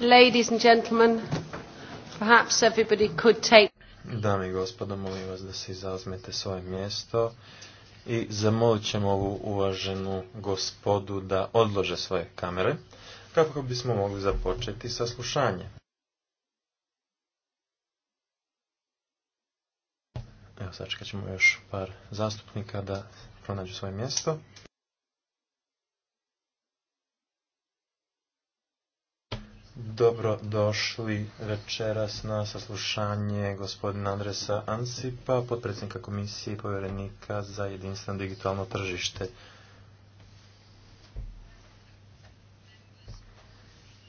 Ladies and gentlemen, perhaps everybody could take... Dame i gospodo, molim vas da se izazmete svoje mjesto i zamolit ćemo ovu uvaženu gospodu da odlože svoje kamere kako bismo mogli započeti sa slušanjem. Evo sačekat ćemo još par zastupnika da pronađu svoje mjesto. Dobro došli večeras na saslušanje gospodina Andresa Ansipa, potpredsjednika komisije i povjerenika za jedinstveno digitalno tržište.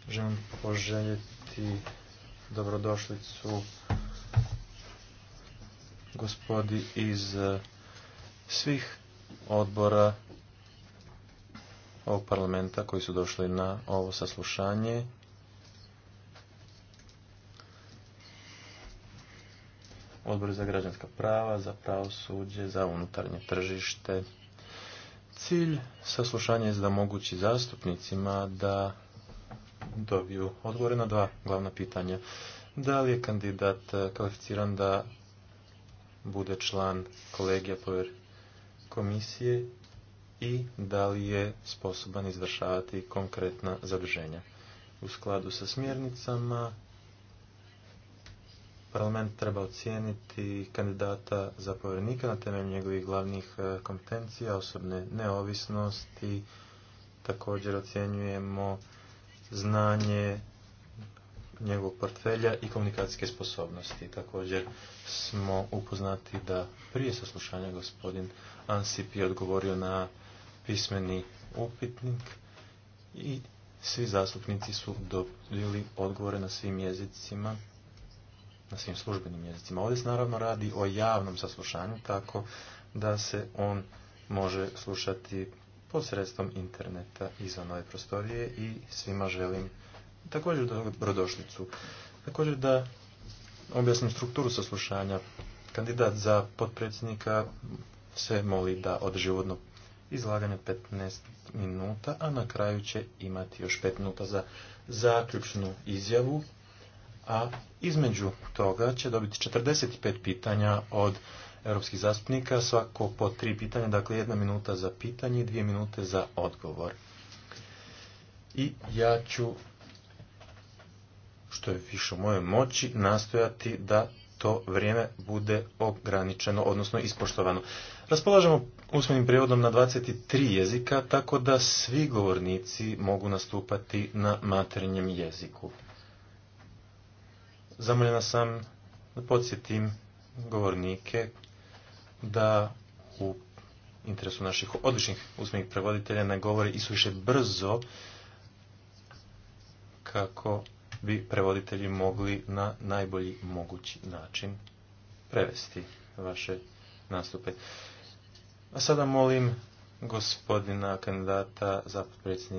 Želim poželjeti dobrodošlicu gospodi iz svih odbora ovog parlamenta koji su došli na ovo saslušanje odbor za građanska prava, za pravosuđe, za unutarnje tržište. Cilj saslušanja je da mogući zastupnicima da dobiju odgovore na dva glavna pitanja. Da li je kandidat e, kvalificiran da bude član kolegija povjer komisije i da li je sposoban izvršavati konkretna zaduženja. U skladu sa smjernicama parlament treba ocijeniti kandidata za povjerenika na temelju njegovih glavnih e, kompetencija, osobne neovisnosti, također ocjenjujemo znanje njegovog portfelja i komunikacijske sposobnosti. Također smo upoznati da prije saslušanja gospodin Ansip je odgovorio na pismeni upitnik i svi zastupnici su dobili odgovore na svim jezicima na svim službenim jezicima. Ovdje se naravno radi o javnom saslušanju tako da se on može slušati posredstvom interneta izvan ove prostorije i svima želim također dobrodošlicu. Također da objasnim strukturu saslušanja. Kandidat za potpredsjednika se moli da od životno izlaganje 15 minuta, a na kraju će imati još 5 minuta za zaključnu izjavu a između toga će dobiti 45 pitanja od europskih zastupnika, svako po tri pitanja, dakle jedna minuta za pitanje i dvije minute za odgovor. I ja ću, što je više u mojoj moći, nastojati da to vrijeme bude ograničeno, odnosno ispoštovano. Raspolažemo usmenim prijevodom na 23 jezika, tako da svi govornici mogu nastupati na materinjem jeziku. Zamoljena sam da podsjetim govornike da u interesu naših odličnih usmenih prevoditelja ne i suviše brzo kako bi prevoditelji mogli na najbolji mogući način prevesti vaše nastupe. A sada molim gospodina kandidata za predsjednika